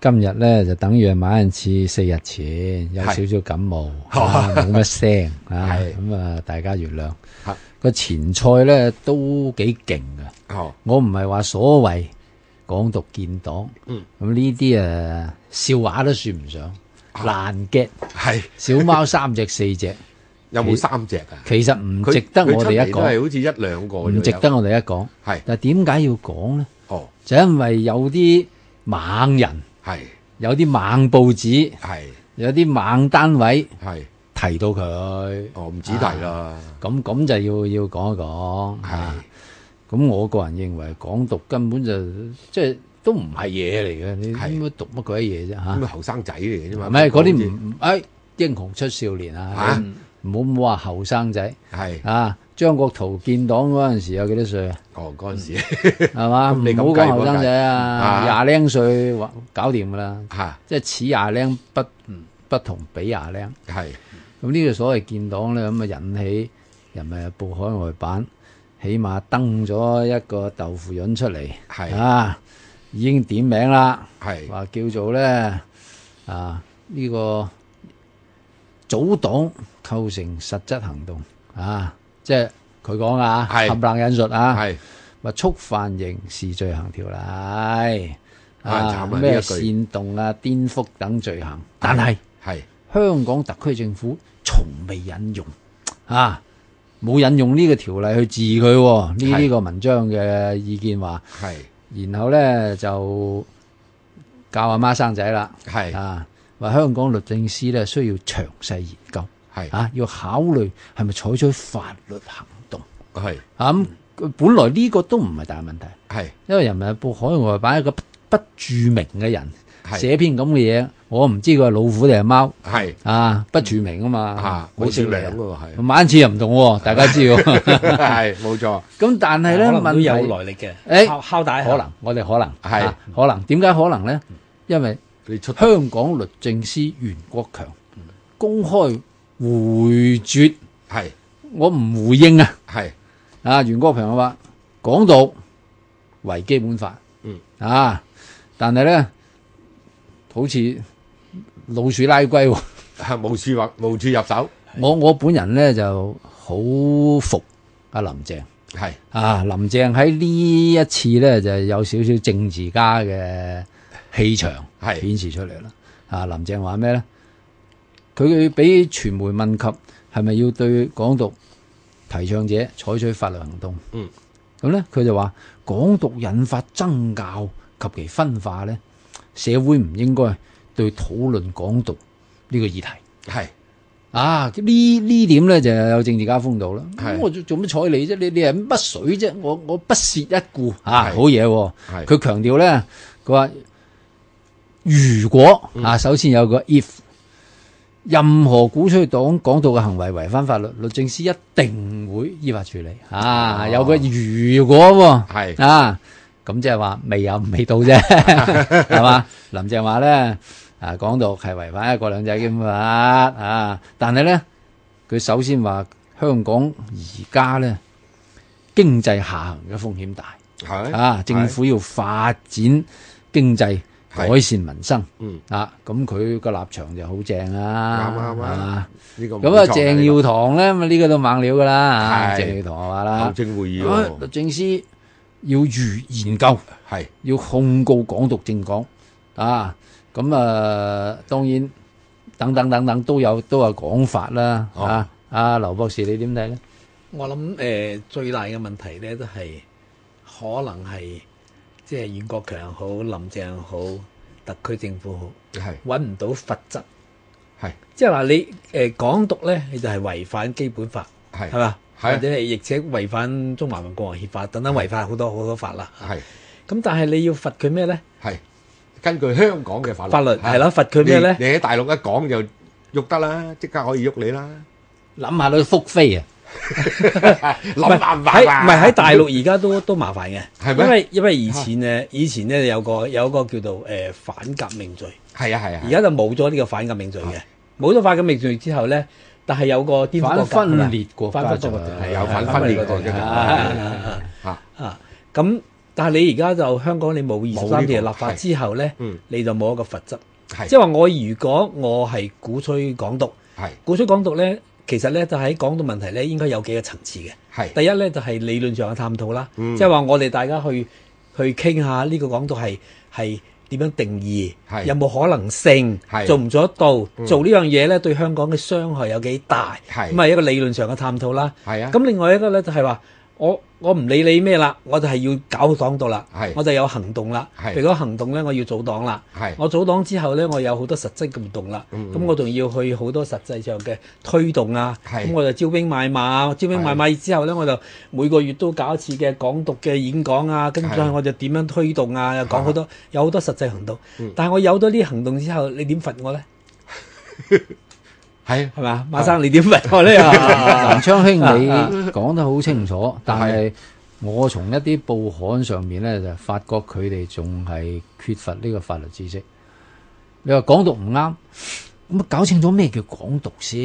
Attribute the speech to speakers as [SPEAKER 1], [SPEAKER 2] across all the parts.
[SPEAKER 1] 今日咧就等於買一次四日前有少少感冒，冇乜聲，咁啊大家原諒。個前菜咧都幾勁嘅，我唔係話所謂港獨建黨，咁呢啲啊笑話都算唔上，爛 gag，小貓三隻四隻，有冇三隻啊？其實唔值得我哋一講，佢好
[SPEAKER 2] 似一兩個，唔值得我
[SPEAKER 1] 哋一講。係，但係點解要講咧？就因為有啲猛人。係是有啲猛報紙，係是有啲猛單位，係提到佢。哦，唔止提啦。咁咁、啊、就要要講一講嚇。咁是我個人認為，港獨根本就即係、就是、都唔係嘢嚟嘅。是你應該讀乜鬼嘢啫？嚇是，咁後生仔嚟嘅啫嘛。唔係嗰啲唔唔，不英雄出少年啊！嚇，唔好唔好話後生仔。係啊。是張國濤建黨嗰陣時有幾多歲啊？哦，嗰陣時係嘛？唔好講後生仔啊，廿零歲搞掂噶啦。嚇的！即係此廿零不不同比廿零。係的。咁呢個所謂建黨咧，咁啊引起人民報海外版，起碼登咗一個豆腐潤出嚟。的啊，已經點名啦。話的叫做咧啊，呢、呢個組黨構成實質行動啊！即係佢講啊，冚冷引述啊，話觸犯刑事罪行條例啊，咩煽動啊、顛覆等罪行，但係係香港特區政府從未引用啊，冇引用呢個條例去治佢呢呢個文章嘅意見話，係然後咧就教阿媽生仔啦，係啊，話香港律政司咧需要詳細研究。係啊，要考慮係咪採取法律行動。係啊，咁本來呢個都唔係大問題。係因為《人民日報》海外版係一個不著名嘅人寫篇咁嘅嘢，我唔知佢係老虎定係貓。係啊，不著名啊嘛，好署名嘅係晚次又唔同，大家知道，係冇錯。咁但係咧，問有來歷嘅誒敲打可能，我哋可能係可能點解可能咧？因為香港律政司袁國強公開。回絕係，是我唔回應啊！係是啊，袁國平話講到港獨違基本法，嗯啊，但係咧好似老鼠拉龜，啊，無處話無處入手。是我我本人咧就好服阿林鄭，係是啊，林鄭喺呢一次咧就有少少政治家嘅氣場係顯示出嚟啦。啊，林鄭話咩咧？佢俾傳媒問及係咪要對港獨提倡者採取法律行動？嗯，咁咧佢就話港獨引發爭拗及其分化咧，社會唔應該對討論港獨呢個議題。係是啊，呢呢點咧就有政治家風度啦是。我做做乜睬你啫？你你係乜水啫？我我不屑一顧是啊！好嘢喎。佢是強調咧，佢話如果啊，首先有個 if、嗯。任何鼓吹港獨嘅行為違反法，法律，律政司一定會依法處理。啊，有個如果喎，係啊，咁即係話未有未到啫，係嘛？林鄭話咧啊，港獨係違反一國兩制嘅嘛啊，但係咧，佢首先話香港而家咧經濟下行嘅風險大，是啊，是政府要發展經濟。改善民生啊！咁佢個立場就好正啊！啱啊啱啊！呢個咁啊鄭耀堂咧，啊呢個都猛料噶啦吓！鄭耀堂係嘛啦？行政會議，律政司要預研究，係要控告港獨政黨啊！咁啊，當然等等等等都有都係講法啦啊！阿劉博士，你點睇咧？
[SPEAKER 3] 我諗誒，最大嘅問題咧都係可能係。即係袁國強好，林鄭好，特區政府好，揾唔是到罰則，是即係話你誒、呃、港獨咧，你就係違反基本法，係嘛？或者係亦且違反中華人民共和國憲法等等，違反好多好多法啦。係咁是，但係你要罰佢咩咧？係根據香港嘅法律。法律係罰佢咩咧？你喺大
[SPEAKER 2] 陸一講就喐得啦，即刻可以喐你啦。諗下佢覆飛啊！
[SPEAKER 3] 唔係喺大陸而家都都麻煩嘅，係咩？因為因為以前呢，以前呢有個有一個叫做誒反革命罪，係啊係啊，而家就冇咗呢個反革命罪嘅，冇咗反革命罪之後呢，但係有個顛覆國家，反分裂國家罪，反分裂國家罪咁，但係你而家就香港你冇二十三條立法之後呢，你就冇一個罰則，即係話我如果我係鼓吹港獨，係鼓吹港獨呢。其實咧，就喺港獨問題咧，應該有幾個層次嘅。是第一咧，就係、是、理論上嘅探討啦，嗯、即係話我哋大家去去傾下呢個港獨係係點樣定義，是有冇可能性，是做唔做得到，嗯、做呢樣嘢咧對香港嘅傷害有幾大？咁係是一個理論上嘅探討啦。啊，咁另外一個咧就係、是、話。我我唔理你咩啦，我就係要搞港獨啦，是我就有行動啦。是如果行動咧，我要組黨啦。是我組黨之後咧，我有好多實質嘅活動啦。咁、嗯、我仲要去好多實際上嘅推動啊。咁是我就招兵買馬，招兵買馬之後咧，是我就每個月都搞一次嘅港獨嘅演講啊。跟住我就點樣推動啊？又講好多、啊、有好多實際行動。嗯、但係我有咗啲行動之後，你點罰我咧？
[SPEAKER 2] 係係嘛，馬生你點呢咧？ 瀾昌兄你
[SPEAKER 1] 講得好清楚， 但係我從一啲報刊上面咧就發覺佢哋仲係缺乏呢個法律知識。你話港獨唔啱，咁啊搞清楚咩叫港獨先，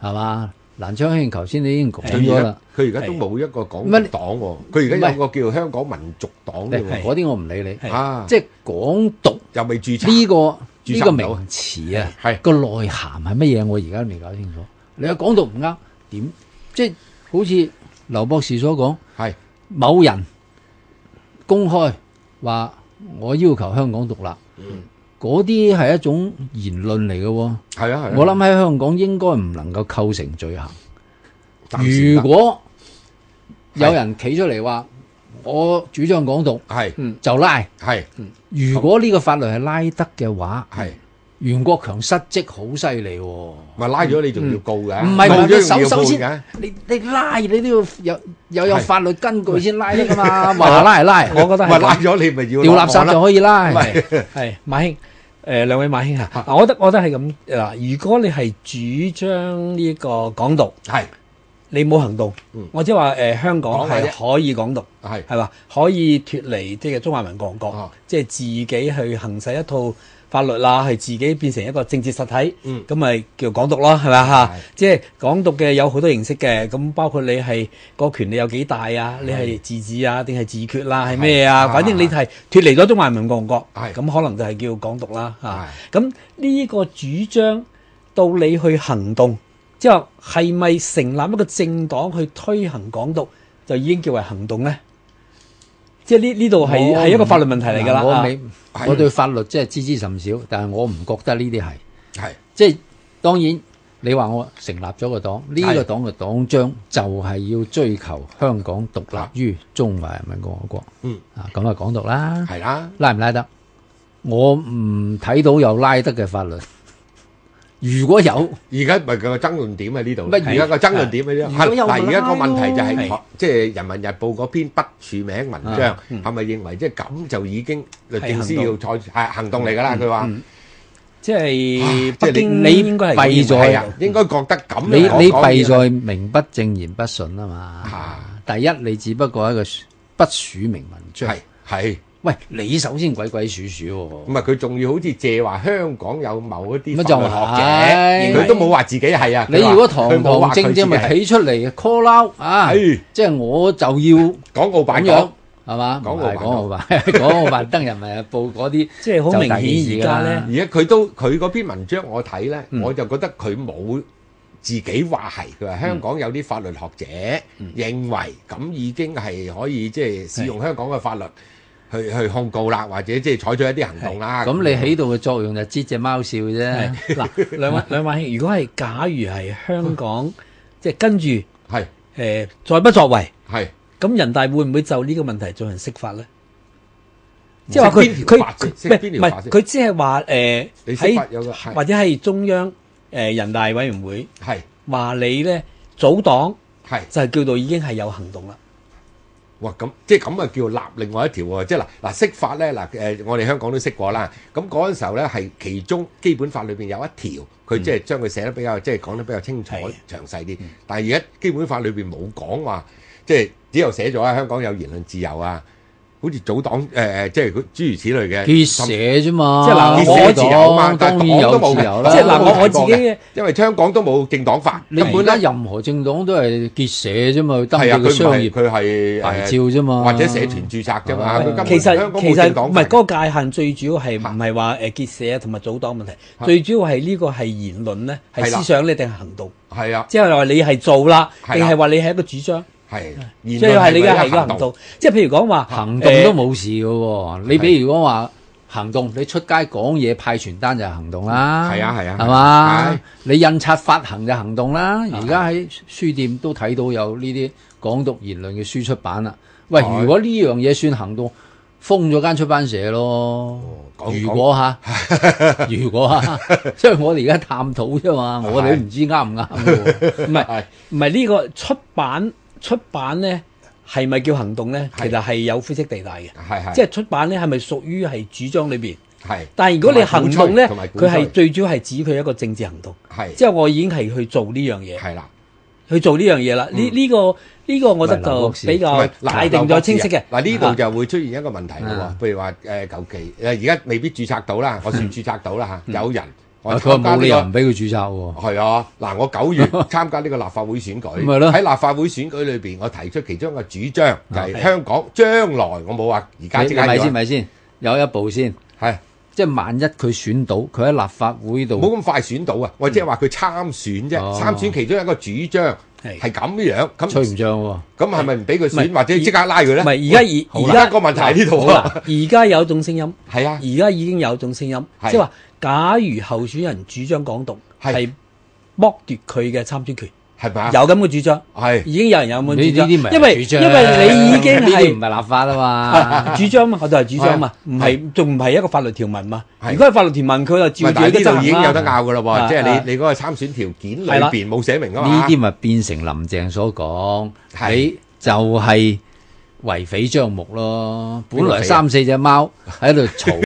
[SPEAKER 1] 係嘛？瀾昌兄，頭先你已經講咗啦。佢而家都
[SPEAKER 2] 冇一個港獨黨喎，佢而家有個叫香港民族黨嘅喎，嗰
[SPEAKER 1] 啲我唔理你。啊，即港獨，又未註冊呢個呢個名詞啊？係個內涵係乜嘢？我而家都未搞清楚。你話港獨唔啱點？即好似劉博士所講，係某人公開話我要求香港獨立。嗰啲係一種言論嚟嘅喎，係啊係啊，我諗喺香港應該唔能夠構成罪行。如果有人企出嚟話我主張講獨，就拉，如果呢個法律係拉得嘅話，係袁國強失職好犀利喎。咪拉咗你仲要告嘅？唔係唔係，首手先你你拉你都要有有有法律根據先拉嘅嘛，下拉拉。我覺得係拉咗你咪要掉垃圾就可以拉，係
[SPEAKER 3] 係，馬兄。誒、呃、兩位馬兄啊是的，我覺得我覺得係咁嗱，如果你係主張呢個港獨，係是的 你冇行動、嗯、或者話香港係可以港獨，係係嘛，可以脫離即係中華民國，即係自己去行使一套。法律啦，係自己變成一個政治實體，嗯，咁咪叫港獨咯，係咪啊？嚇，即係港獨嘅有好多形式嘅，咁包括你係個權力有幾大啊，你係自治啊，定係自決啦，係咩啊？反正你係脱離咗中華人民共和國，咁可能就係叫港獨啦，嚇。咁呢個主張到你去行動之後，係咪成立一個政黨去推行港獨，就已經叫為行動咧？即係呢，呢度係係一個法律問題嚟噶啦，我未，我對
[SPEAKER 1] 法律真係知之甚少，但係我唔覺得呢啲係，係的即係當然你話我成立咗個黨，呢個黨嘅黨章就係要追求香港獨立於中華人民共和國，嗯的啊咁啊港獨啦，係啦的拉唔拉得？我唔睇到有拉得嘅法律。如果有，而家咪佢個爭論點喺呢度，乜而家個爭論點喺呢度，
[SPEAKER 2] 係而家個問題就係即係《人民日報》嗰篇不署名文章係咪認為即係咁就已經律政司要採取行動嚟噶啦？佢話即係
[SPEAKER 1] 即係你你應該係弊在啊，
[SPEAKER 2] 應該覺得咁你你弊在
[SPEAKER 1] 名不正言不順啊嘛。第一，你只不過係一個不署名文章，係係。喂，你首先鬼鬼祟祟喎，唔係佢仲要好似借話香港有某一啲
[SPEAKER 2] 法律學者，佢都冇話自己係啊。的說你如果堂堂正正咪起
[SPEAKER 1] 出嚟 call 撈啊，即係我就要廣告版樣係嘛？廣告版，廣告版，廣告版，
[SPEAKER 2] 登人咪報嗰啲，即係好明顯而家咧，而家佢都佢嗰篇文章我睇咧，嗯、我就覺得佢冇自己話係，佢話香港有啲法律學者認為咁已經係可以即係、就是、使用香港嘅法律。嗯嗯嗯嗯去
[SPEAKER 1] 去控告啦，或者即係採取一啲行動啦。咁你起到嘅作用就知隻貓笑啫。
[SPEAKER 3] 嗱，兩位兩位，如果係假如係香港，即係跟住係誒再不作為，係咁人大會唔會就呢個問題進行釋法咧？即係話佢佢法？唔係唔係，佢即係話誒喺或者係中央誒人大委員會係話你咧組黨係就係叫做已經係有行動啦。哇！咁即係咁啊，就叫立另外一條喎，即係嗱
[SPEAKER 2] 嗱釋法咧嗱、啊、我哋香港都識過啦。咁嗰陣時候咧，係其中基本法裏面有一條，佢即係將佢寫得比較、嗯、即係講得比較清楚的詳細啲。但係而家基本法裏面冇講話，即係只有寫咗啊，香港有言論自由啊。好似組黨誒即係諸如此類嘅結社
[SPEAKER 1] 啫嘛。即係嗱，我當然有，即係嗱，我我自己因為香港都冇政黨法。根本咧，任何政黨都係結社啫嘛。得個商業，佢係
[SPEAKER 3] 牌照啫嘛，或者社團註冊啫嘛。其實其實唔係嗰個界限最主要係唔係話誒結社同埋組黨問題？最主要係呢個係言論咧，係思想呢定係行動？係啊，即係話你係做啦，定係話你係一個主張？
[SPEAKER 1] 係，即係係你嘅行
[SPEAKER 3] 動，即係譬如講話行動都
[SPEAKER 1] 冇事嘅喎。你比如講話行動，你出街講嘢派傳單就係行動啦。係啊係啊，係嘛？你印刷發行就行動啦。而家喺書店都睇到有呢啲港獨言論嘅書出版啦。
[SPEAKER 3] 喂，如果
[SPEAKER 1] 呢樣嘢算行動，封咗間出版社咯。如果吓，如果吓，即係
[SPEAKER 3] 我哋而家探討啫嘛。我哋都唔知啱唔啱。唔係唔係呢個出版。出版咧係咪叫行動咧？其實係有灰色地帶嘅，即係出版咧係咪屬於係主張裏邊？係。但係如果你行動咧，佢係最主要係指佢一個政治行動。係。即係我已經係去做呢樣嘢。係啦，去做呢樣嘢啦。呢呢個呢個，我覺得就比較界定咗清晰嘅。嗱呢度就會出現一個問題嘅喎，
[SPEAKER 2] 譬如話誒舊記誒而家未必註冊到啦，我算註冊到啦嚇，有人。佢參加呢唔俾佢註冊喎。係啊，嗱，我九月參加呢個立法會選舉。咪咯。喺立法
[SPEAKER 1] 會選舉裏面，我提出其中一個主張就係香港將來，我冇話而家即係咪先？咪先有一步先係，即係萬一佢選到，佢喺立法會度冇
[SPEAKER 2] 咁快選到啊！或者係話佢參選啫，參選其中一個主張係係咁樣
[SPEAKER 1] 咁。吹唔漲喎？咁係咪唔俾佢選，或者即刻拉佢咧？唔係而家而而家個問題喺呢度啊！
[SPEAKER 3] 而家有種聲音係啊，而家已經有種聲音即係話假如候選人主張港獨係剝奪佢嘅參選權，係咪有咁嘅主張係，已經有人有咁主張。呢啲因為因為你已經係唔係立法啊嘛？主張嘛，我就係主張嘛，唔係仲唔係一個法律條文嘛？如果係法律條文，佢又照住已經有得拗嘅啦喎，即係你你嗰個參選條件裏面冇寫明啊嘛。呢啲
[SPEAKER 1] 咪變成林鄭所講，係就係為匪張目咯。本來三四隻貓喺度嘈。